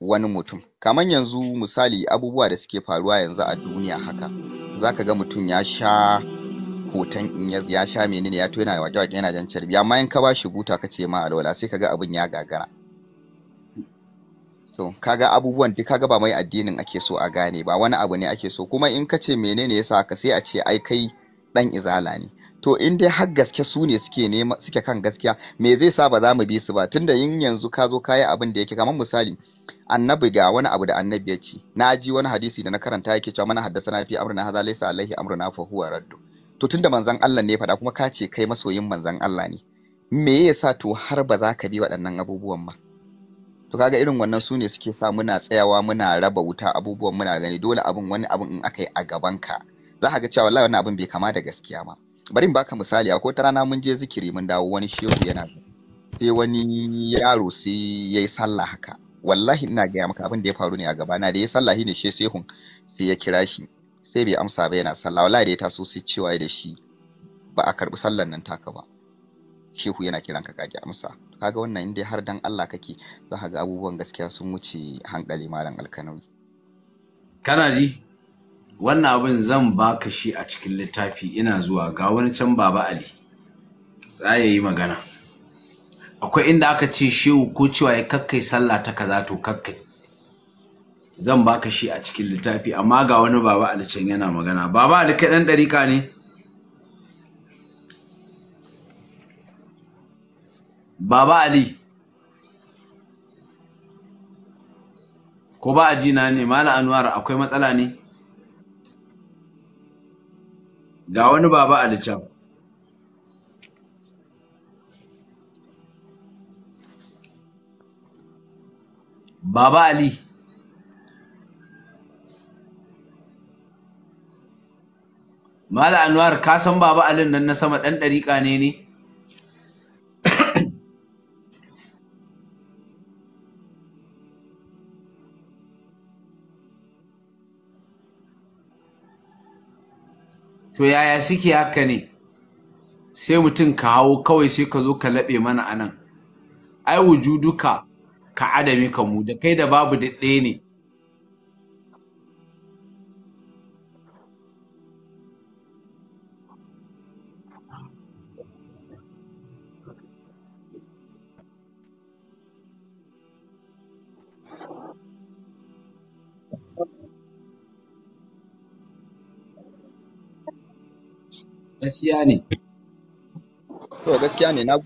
wani mutum kaman yanzu misali abubuwa da suke faruwa yanzu a duniya haka za ka ga mutum ya sha hoton in ya sha menene ya to yana wake wake yana jan carbi amma in ka bashi buta ka ce ma alwala sai ka ga abin ya gagara to kaga abubuwan duk kaga ba mai addinin ake so a gane ba wani abu ne ake so kuma in ka ce menene yasa ka sai a ce ai kai dan izala ne to in dai har gaske su ne suke nema suke kan gaskiya me zai sa ba za mu bi su ba tunda yin yanzu ka zo ka yi abin da yake kamar misali annabi ga wani abu da annabi ya ce na ji wani hadisi da na karanta yake cewa mana haddasa fi amrina haza laisa alaihi amruna fa huwa raddu to tunda manzon Allah ne faɗa kuma ka ce kai masoyin manzon Allah ne me yasa to har ba za ka bi waɗannan abubuwan ba to kaga irin wannan su ne suke sa muna tsayawa muna raba wuta abubuwan muna gani dole abin wani abin in aka yi a gaban ka za ka ga cewa wallahi wannan abin bai kama da gaskiya ba bari in baka misali akwai ta rana mun je zikiri mun dawo wani shehu yana sai wani yaro sai yayi sallah haka wallahi ina gaya maka abin da ya faru ne a gaba na da ya sallah ne she sehun sai ya kira shi sai bai amsa ba yana sallah wallahi da ya taso sai cewa da shi ba a karbi sallan nan taka ba shehu yana kiran ka kage amsa kaga wannan inda har dan Allah kake za ka ga abubuwan gaskiya sun wuce hankali malam alkanawi kana ji wannan abin zan baka shi a cikin littafi ina zuwa ga wani can baba ali tsaye yi magana akwai inda aka ce shehu ko cewa ya kakkai sallah ta kaza to kakkai zan baka shi a cikin littafi amma ga wani baba ali can yana magana baba ali kai dan dariƙa ne baba ali ko ba a ne mala anwar akwai matsala ne Ga wani Baba Ali can. Baba Ali. Mala Anwar, ka san Baba Ali nan na sama ɗan ɗariƙa ne ne? to yaya suke haka ne sai mutum ka hau kawai sai ka zo ka laɓe mana a nan ai wujuduka ka adami ka mu da kai da babu da ne gaskiya ne to gaskiya ne na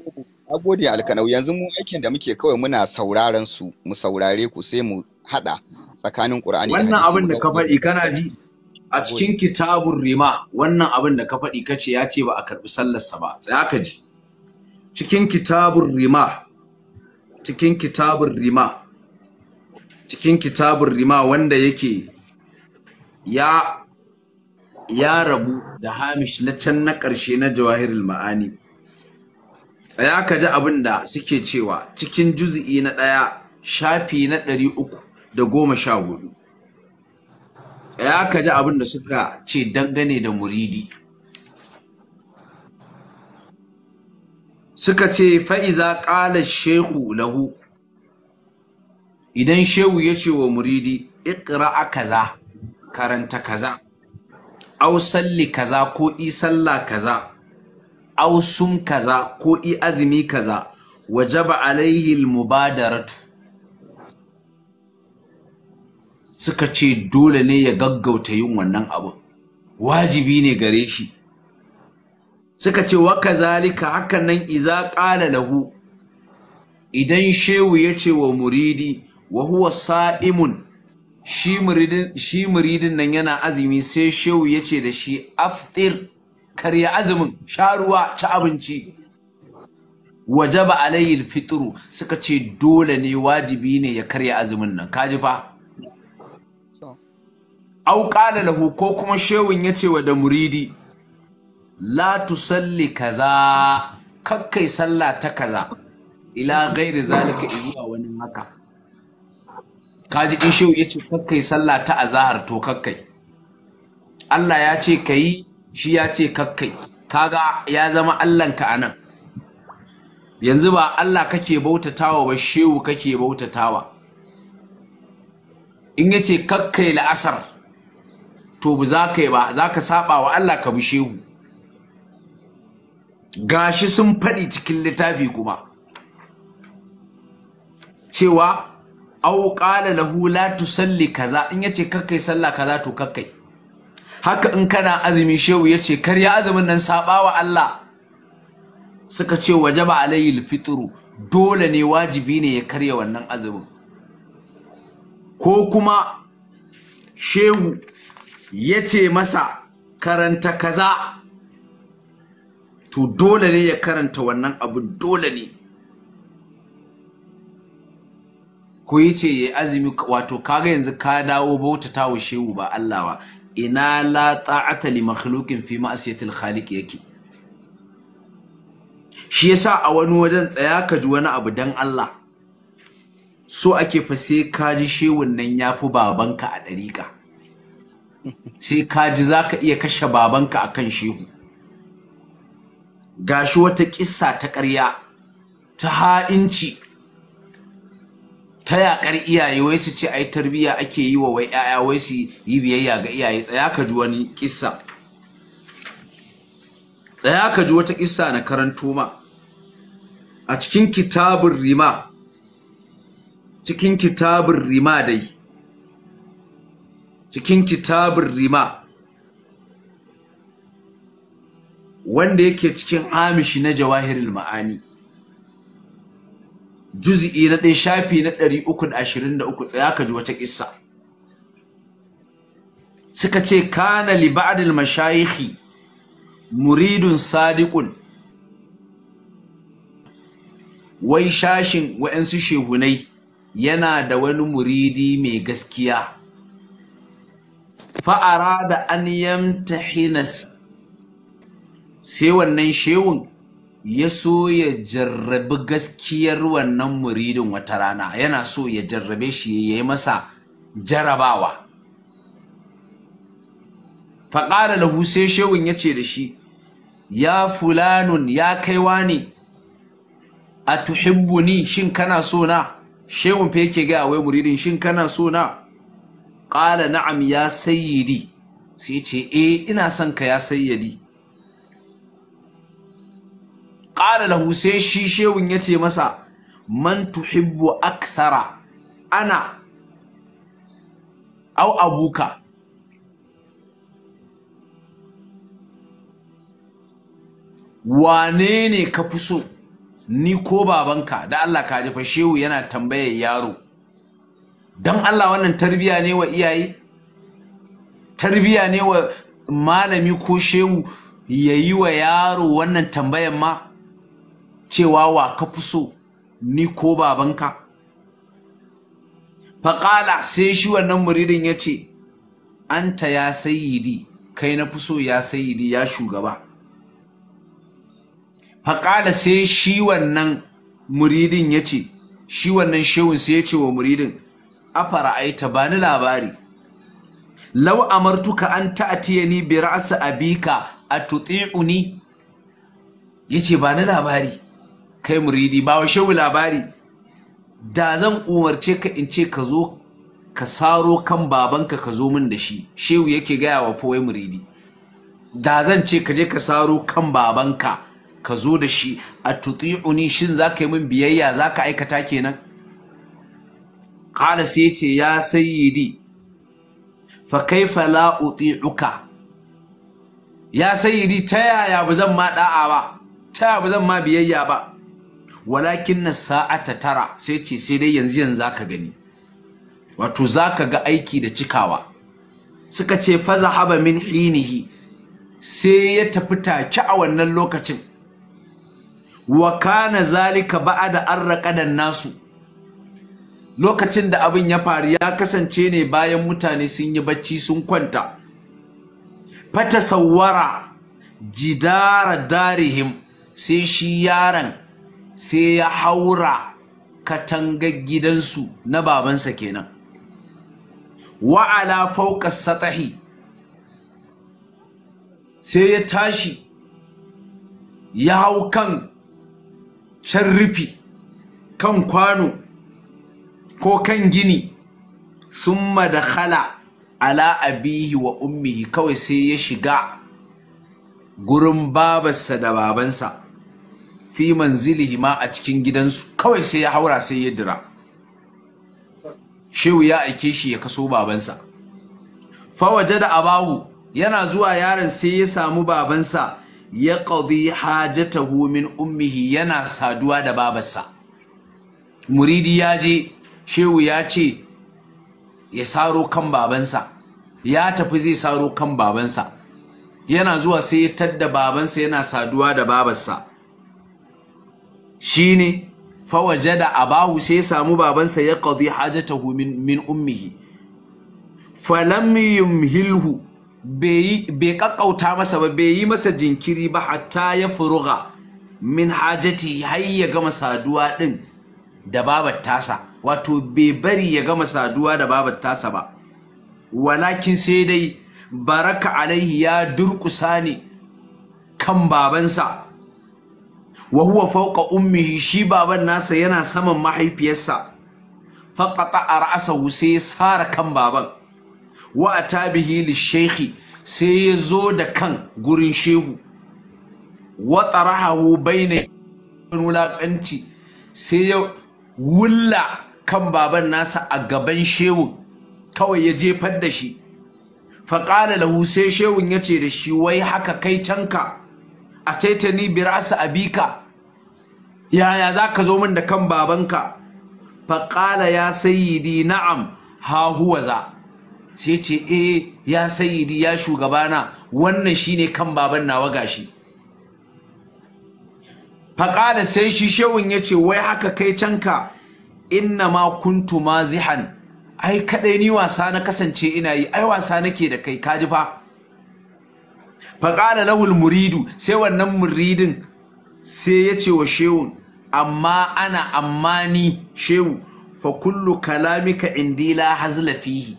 gode alkanau yanzu mu aikin da muke kawai muna sauraron su mu saurare ku sai mu hada tsakanin qur'ani wannan abin da ka faɗi kana ji a cikin kitabun rima wannan abin da ka faɗi kace ya ce ba a karɓi sallarsa ba tsaya ka ji cikin kitabun rima cikin kitabun rima cikin kitabun rima wanda yake ya ya rabu da hamish na can na ƙarshe na jawahirul ma'ani tsaya ka ji abin da suke cewa cikin juzi'i na ɗaya shafi na ɗari uku da goma sha hudu tsaya ka ji abin da suka ce dangane da muridi suka ce fa'iza ƙala shehu lahu idan shehu ya ce wa muridi a kaza karanta kaza au salli kaza ko i sallah kaza au sum kaza ko i azumi kaza wajaba alaihi almubadaratu suka ce dole ne ya gaggauta yin wannan abu wajibi ne gare shi suka ce wa kazalika hakan nan iza qala lahu idan shehu yace wa muridi wa huwa sa'imun shi muridin nan yana azumi sai shehu ya ce da shi aftir karya azumin sha ruwa ci abinci wajaba alayhi fitru suka ce dole ne wajibi ne ya karya azumin nan kaji fa au da lahu ko kuma shehun ce wa da muridi la salli kaza kakkai sallah ta kaza ila ghairi zalika izuwa wani haka kaji in shehu yace kakkai sallah ta azahar to kakkai Allah ya ce kai shi ya ce kakkai kaga ya zama Allahnka nan. yanzu ba Allah kake bautatawa ba shehu kake bautatawa in yace kakkai la'asar to bu za ka yi ba za ka saba wa Allah ka bi shehu gashi sun faɗi cikin littafi kuma cewa au ƙala lahu la tusalli kaza in yace kakai sallah kaza to kakai haka in kana azumi shehu yace ya azumin nan sabawa Allah suka ce wajaba alayhi alfitru dole ne wajibi ne ya karya wannan azumin ko kuma shehu yace masa karanta kaza to dole ne ya karanta wannan abu dole ne ko ce yayi azumi wato kaga yanzu ka dawo ta wa shehu ba Allah ba ina la ta'ata li makhluqin fi ma'siyatil khaliq yake shi yasa a wani wajen tsaya ka ji wani abu dan Allah so ake fa sai ka ji shehun nan yafi babanka a dariƙa sai ka ji ka iya kashe babanka a kan shehu Ga shi wata kissa ta ƙarya ta ha'inci ta yakar iyaye wai su ce ai tarbiya ake yi wa wai yaya wai su yi biyayya ga iyaye tsaya ka ji wani kissa tsaya ka ji wata kissa na karanto ma a cikin kitabun rima cikin kitabun rima dai cikin kitabun rima wanda yake cikin amishi na jawahirul ma'ani juz'i na ɗaya shafi na ɗari uku da ashirin da uku tsaya ka ji wata ƙisa suka ce kana li ba'dil mashayikhi muridun sadiqun wai shashin wa'ansu shehunai yana da wani muridi mai gaskiya fa'ara da an yamta sai wannan shehun ya so ya jarrabi gaskiyar wannan muridin wata rana yana so ya jarrabe shi ya yi masa jarabawa faƙara da sai shewin ya ce da shi ya fulanun ya kaiwa ne a tuhibbuni shin kana so na shewin fa yake ga wai muridin shin kana so na ƙala na'am ya sayyidi sai ce eh ina son ka ya sayyidi faƙala lahu sai shi shehun ya ce masa man tuhibbu akthara ana au abuka wane ne ka fi so ni ko babanka da Allah ka jefa shehu yana tambayar yaro don Allah wannan tarbiya ne wa iyaye tarbiya ne wa malami ko shehu ya yi wa yaro wannan tambayan ma cewa wa ka fi so ni ko babanka faƙala sai shi wannan muridin ya ce anta ya sayidi kai na fi so ya sayidi ya shugaba faƙala sai shi wannan muridin ya ce shi wannan shehun sai ya ce wa muridin afara aita ba ni labari lau amartuka an ni bi ra'si abika atuti'uni yace ba ni labari kai muridi ba wa shehu labari da zan umarce ka in ce ka zo ka saro kan babanka ka zo min da shi shehu yake gaya wa fowai muridi da zan ce ka je ka saro kan babanka ka zo da shi a tuti'uni shin za ka yi min biyayya za ka aikata kenan ƙala ya ce ya sayyidi fa kaifa la uti'uka ya sayyidi ta yaya ba zan ma da'a ta yaya ba zan ma biyayya ba walakin na sa'ata tara sai ce sai dai yanzu yanzu zaka gani wato zaka ga aiki da cikawa suka ce faza haba min hinihi sai ya tafi taki a wannan lokacin wa kana zalika ba'da an raqadan nasu lokacin da abin ya faru ya kasance ne bayan mutane sun yi bacci sun kwanta fata sawwara jidara darihim sai shi yaran sai ya haura katangar gidansu na babansa kenan wa'ala fauka satahi sai ya tashi ya hau kan can rufi kan kwano ko kan gini sun da ala abihi wa ummihi kawai sai ya shiga gurin babarsa da babansa fi manzilihi ma a cikin gidansu kawai sai ya haura sai ya dira shehu ya aike shi ya kaso babansa waje da abahu yana zuwa yaron sai ya samu babansa ya qadi hajatahu min ummihi yana saduwa da babarsa muridi ya je shehu ya ce ya saro kan babansa ya tafi zai saro kan babansa yana zuwa sai ya tadda babansa yana saduwa da babarsa Shi ne shine da abahu sai samu babansa ya qadi hajjata min ummihi falam hilhu bai kakkauta masa ba bai yi masa jinkiri ba hatta ya furuga min hajjati har ya gama saduwa din da babar tasa wato bai bari ya gama saduwa da babar tasa ba walakin sai dai baraka alaihi ya durƙusa ne kan babansa wa huwa fawqa ummihi shi baban nasa yana saman mahaifiyarsa faqata ra'sahu sai sara kan baban wa atabihi shaykhi sai yazo da kan gurin shehu wa tarahu baina wulaƙanci sai ya wulla kan baban nasa a gaban shehu kawai ya jefar da shi faƙala lahu sai shehun ya ce da shi wai haka kai canka a taitani bi ra'asa abika yaya za ka zo min da kan babanka faƙala ya sayidi na'am ha huwa za sai ce e ya sayidi ya shugabana wannan shine kan baban nawa gashi faƙala sai shi shewin ya ce wai haka kai canka inna ma kuntu mazihan ai kaɗai ni wasa na kasance ina yi ai wasa nake da kai kaji fa faƙala lahul muridu sai wannan muridin sai ya ce wa shewun amma ana ammani shehu fa kullu kalamika indi la hazla fihi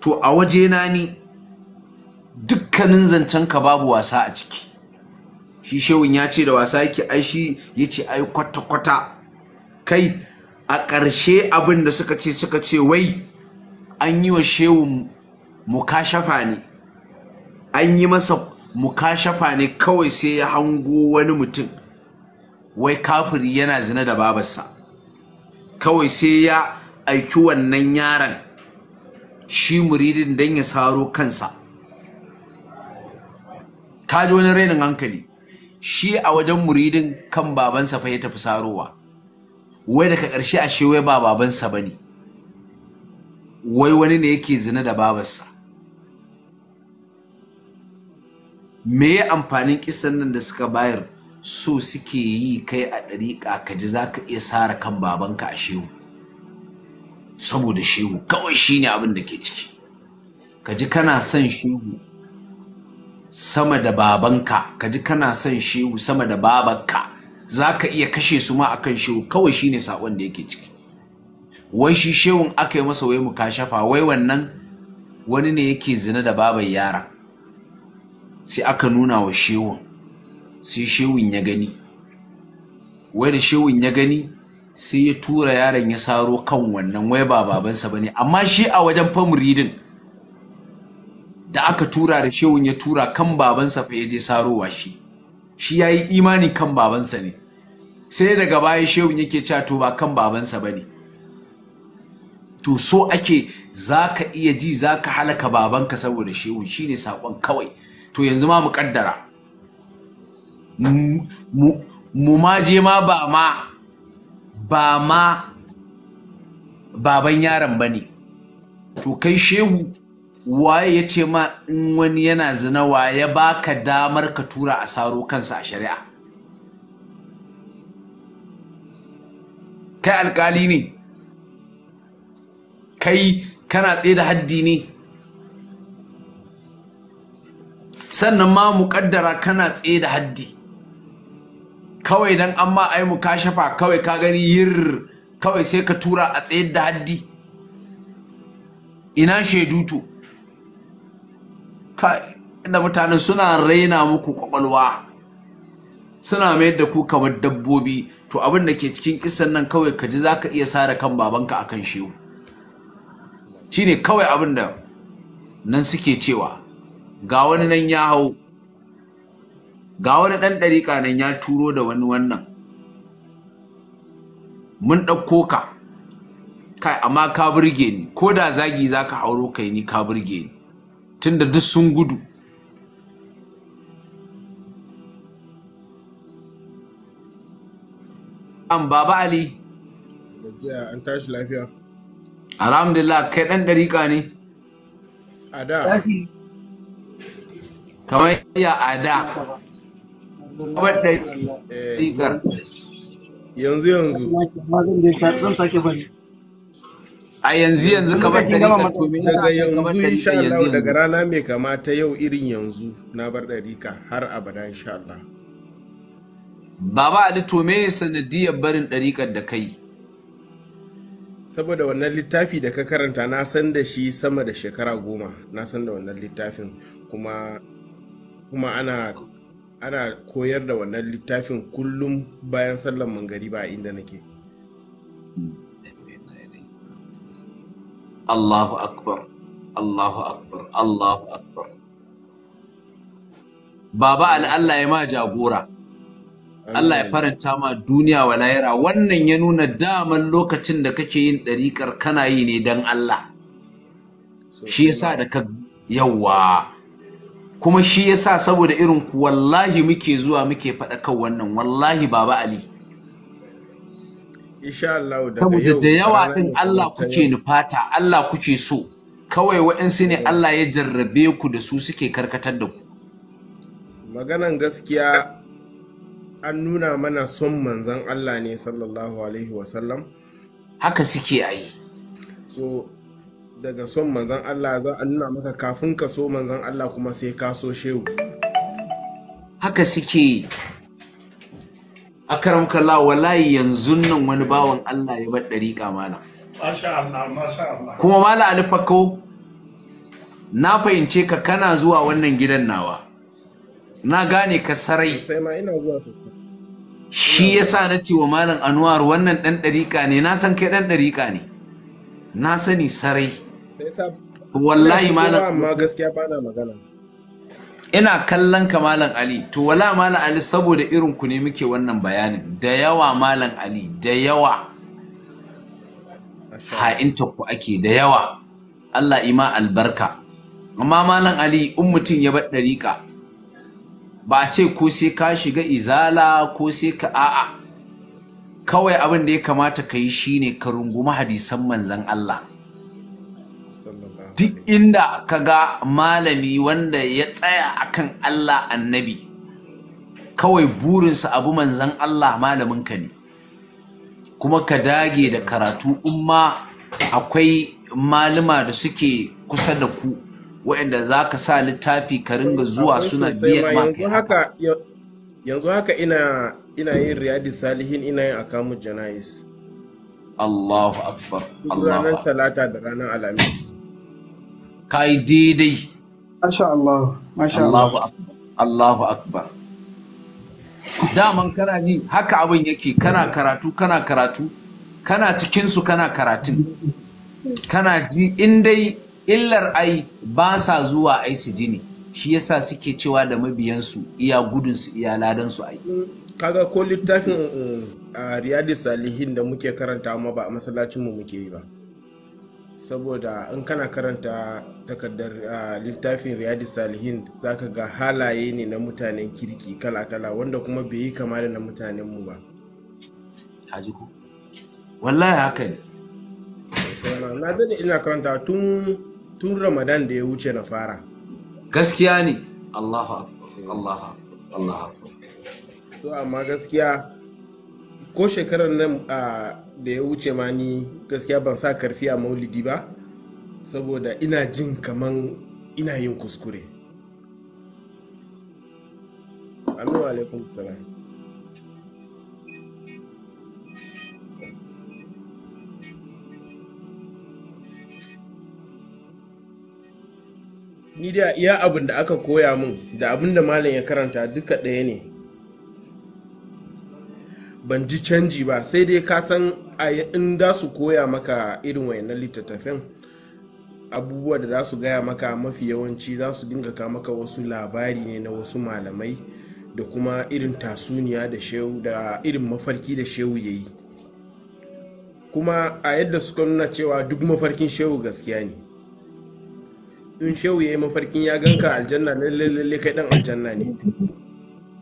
to a wajena ni dukkanin zancen ka babu wasa a ciki shi shehun ya ce da wasa yake ai shi ya ai kwata-kwata kai a ƙarshe abin da suka ce suka ce wai an yi wa shehun mukashafa ne an yi masa mukashafa ne kawai sai ya hango wani mutum wai kafiri yana zina da babarsa kawai sai ya aiki wannan yaron shi muridin don ya saro kansa Ta ji wani rainin hankali shi a wajen muridin kan babansa fa ya tafi sarowa wai daga ƙarshe ashe wai ba babansa ba ne wai wani ne yake zina da babarsa me amfanin kisan nan da suka bayar so suke yi kai a ɗariƙa ka ji za ka iya sara kan babanka a shehu saboda shehu kawai shi ne abin da ke ciki ka ji kana son shehu sama da babanka ka ji kana son shehu sama da babanka za ka iya kashe su ma akan shehu kawai shi ne saƙon da yake ciki wai shi shehun aka yi masa wai mu kashafa wai wannan wani ne yake zina da baban yara sai aka nuna wa shehun sai shewin ya gani wai da shewin ya gani sai ya tura yaron ya saro kan wannan wai ba babansa bane amma shi a wajen famuridin da aka tura da shewin ya tura kan babansa fa ya je sarowa shi shi yayi imani kan babansa ne sai daga baya shewin yake cewa to ba kan babansa bane to so ake zaka iya ji zaka halaka babanka saboda shewin shine sakon kawai to yanzu ma mu kaddara mu ma je ma ba ma ba ma baban yaron ba ne to kai shehu waye ya ce ma in wani yana zina waye baka damar ka tura a saro kansa a shari'a kai alkali ne kai kana tsaye da haddi ne sannan ma muƙaddara kana tsaye da haddi kawai dan an ma mu kashafa kawai ka gani yir kawai sai ka tura a tsayar da haddi ina shaidu to kai inda mutanen suna raina muku kwakwalwa suna mayar da ku kamar dabbobi to abin da ke cikin kisan nan kawai ka ji zaka iya sare kan babanka akan shehu shine kawai abin da nan suke cewa ga wani nan ya hau ga wani ɗan ɗariƙa nan ya turo da wani wannan mun ɗauko ka kai amma ka burge ni ko da zagi za ka hauro kai ni ka burge ni tunda duk sun gudu an baba ali an tashi lafiya alhamdulillah kai ɗan ɗariƙa ne a da kamar iya a da Eh, yanzu yanzu a yanzu yanzu ka bar dariƙa to me yasa ka bar dariƙa yanzu yanzu daga rana mai kamata yau irin yanzu na bar dariƙa har abada insha Allah Baba Ali to me sanadiyar barin dariƙar da kai saboda wannan littafi da ka karanta na san da shi sama da shekara goma na san da wannan littafin kuma kuma ana ana koyar da wannan littafin kullum bayan sallan mangariba a inda nake Allahu akbar Allahu akbar Allahu akbar Baba Allah ya ma jagora Allah ya faranta ma duniya wa layira. wannan ya nuna daman lokacin da kake yin ɗariƙar kana yi ne don Allah shi yasa da ka yawwa kuma shi yasa saboda irin ku wallahi muke zuwa muke faɗa kan wannan wallahi baba ali insha Allah da yau da yawa din Allah kuke nufata Allah kuke so kawai wa'ansu ne Allah ya jarrabe ku da su suke karkatar da ku maganan gaskiya an nuna mana son manzon Allah ne sallallahu alaihi wasallam haka suke ayi so daga son manzan Allah za a nuna maka kafin ka so manzan Allah kuma sai ka so shehu haka suke akaram kalla wallahi yanzu nan wani bawan Allah ya bar dariƙa mana. kuma mala alfako na fahimce ka kana zuwa wannan gidan nawa na gane ka sarai sai ma ina zuwa sosai shi yasa na ce wa malam anwar wannan ɗan ɗariƙa ne na san kai ɗan ɗariƙa ne na sani sarai ina kallon ka malam ali to wala malam ali saboda irin ku ne muke wannan bayanin da yawa malam ali da yawa ha'inta ku ake da yawa Allah ima albarka amma malam ali in mutum ya bar dariƙa ba a ce ko sai ka shiga izala ko sai ka a'a kawai abin da ya kamata ka yi shine ka rungumi hadisan manzan Allah duk inda ka ga malami wanda ya tsaya akan Allah annabi kawai burinsa abu manzan Allah malaminka ne kuma ka dage da karatu in ma akwai malama da suke kusa da ku waɗanda za ka sa littafi ka ringa zuwa suna biyan ma yanzu haka ina yin riyadi salihin ina yin akamu janais Allahu akbar Allahu akbar talata da ranar alhamis ka yi daidai masha Allah masha Allah Allahu akbar daman kana ji haka abin yake kana karatu kana karatu kana cikinsu kana karatun kana ji in dai illar ai ba sa zuwa ai su ji ne shi yasa suke cewa da mabiyansu iya gudunsu iya ladansu ai kaga ko littafin a uh, riyadi salihin da muke karanta ma ba a masallacinmu muke yi ba saboda in kana karanta takardar littafin riyadi salihin za ka ga halaye ne na mutanen kirki kala-kala wanda kuma bai yi kama da na mutanen mu ba hajjiku ku wallahi haka ne na dade ina karanta tun ramadan da ya wuce na fara gaskiya ne allahu akbar allahu to amma gaskiya ko shekarar nan da ya wuce ma ni gaskiya ban sa karfi a maulidi ba saboda ina jin kaman ina yin kuskure ni da iya abin da aka koya min da abin da malam ya karanta duka ɗaya ne ban ji canji ba sai dai ka san in da su koya maka irin wayan littattafan abubuwa da za su gaya maka mafi yawanci za su dinga ka maka wasu labari ne na wasu malamai da kuma irin tasuniya da shehu da irin mafarki da shehu ya yi kuma a yadda suka nuna cewa duk mafarkin shehu gaskiya ne in shehu ya yi mafarkin ya ganka aljanna lalle lalle kai dan aljanna ne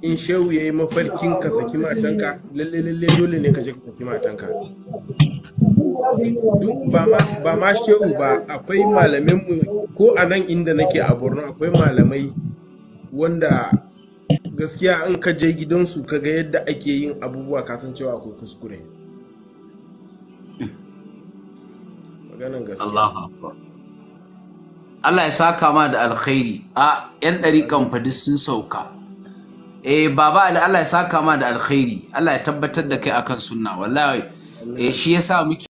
in shehu ya yi mafarkin ka saki matanka lalle lalle dole ne ka je ka saki matanka ba ma shehu ba akwai malamin mu ko a nan inda nake a borno akwai malamai wanda gaskiya in ka je gidansu ka ga yadda ake yin abubuwa kasan cewa ko kuskure Allah ya sa kama da alkhairi a 'yan ɗariƙan fadis sun sauka eh baba Allah ya saka ma da alkhairi Allah ya tabbatar da kai akan sunna wallahi eh shi yasa muke